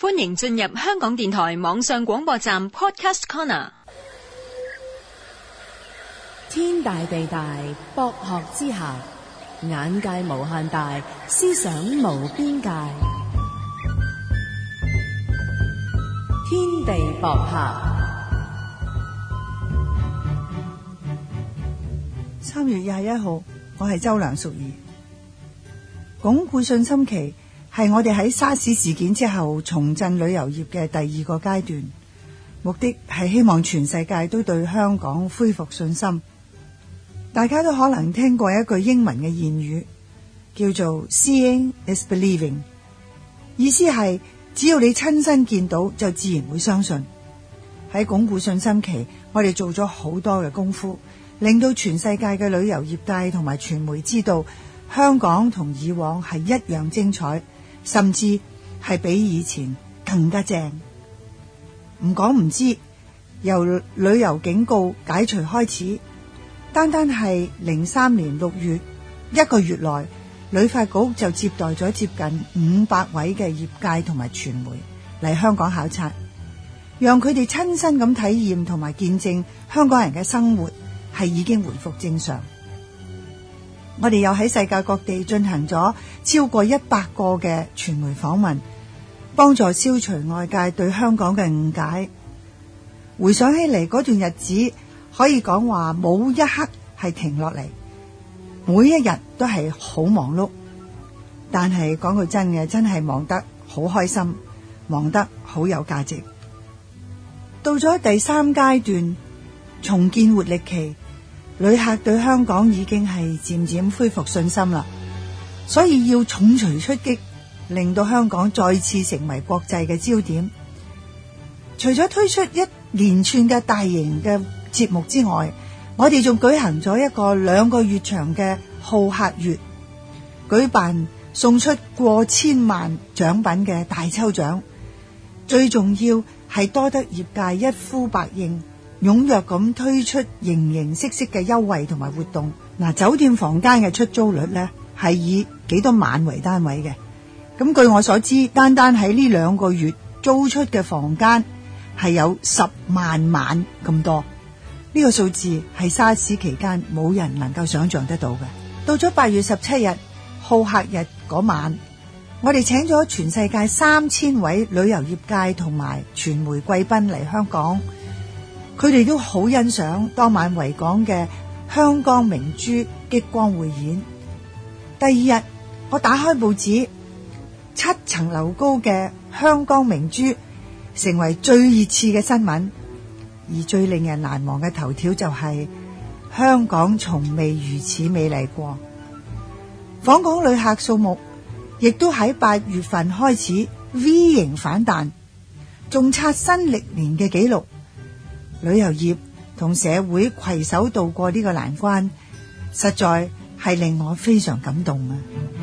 歡迎進入香港電台網上廣播站 Podcast Corner。天大地大，博學之下，眼界無限大，思想無邊界。天地博客。三月廿一號，我係周梁淑怡，鞏固信心期。係我哋喺沙士事件之後重振旅遊業嘅第二個階段，目的係希望全世界都對香港恢復信心。大家都可能聽過一句英文嘅諺語，叫做 Seeing is believing，意思係只要你親身見到，就自然會相信。喺鞏固信心期，我哋做咗好多嘅功夫，令到全世界嘅旅遊業界同埋傳媒知道香港同以往係一樣精彩。甚至係比以前更加正，唔講唔知，由旅遊警告解除開始，單單係零三年六月一個月內旅發局就接待咗接近五百位嘅業界同埋傳媒嚟香港考察，讓佢哋親身咁體驗同埋見證香港人嘅生活係已經回復正常。我哋又喺世界各地進行咗超過一百個嘅傳媒訪問，幫助消除外界對香港嘅誤解。回想起嚟嗰段日子，可以講話冇一刻係停落嚟，每一日都係好忙碌。但係講句真嘅，真係忙得好開心，忙得好有價值。到咗第三階段，重建活力期。旅客對香港已經係漸漸恢復信心啦，所以要重錘出擊，令到香港再次成為國際嘅焦點。除咗推出一連串嘅大型嘅節目之外，我哋仲舉行咗一個兩個月長嘅好客月，舉辦送出過千萬獎品嘅大抽獎，最重要係多得業界一呼百應。踴躍咁推出形形色色嘅優惠同埋活動，嗱、啊、酒店房間嘅出租率呢，係以幾多晚為單位嘅，咁、嗯、據我所知，單單喺呢兩個月租出嘅房間係有十萬晚咁多，呢、這個數字係沙士期間冇人能夠想象得到嘅。到咗八月十七日好客日嗰晚，我哋請咗全世界三千位旅遊業界同埋傳媒貴賓嚟香港。佢哋都好欣賞當晚維港嘅香港明珠激光匯演。第二日，我打開報紙，七層樓高嘅香港明珠成為最熱刺嘅新聞，而最令人難忘嘅頭條就係、是、香港從未如此美麗過。訪港旅客數目亦都喺八月份開始 V 型反彈，仲刷新歷年嘅紀錄。旅遊業同社會攜手度過呢個難關，實在係令我非常感動啊！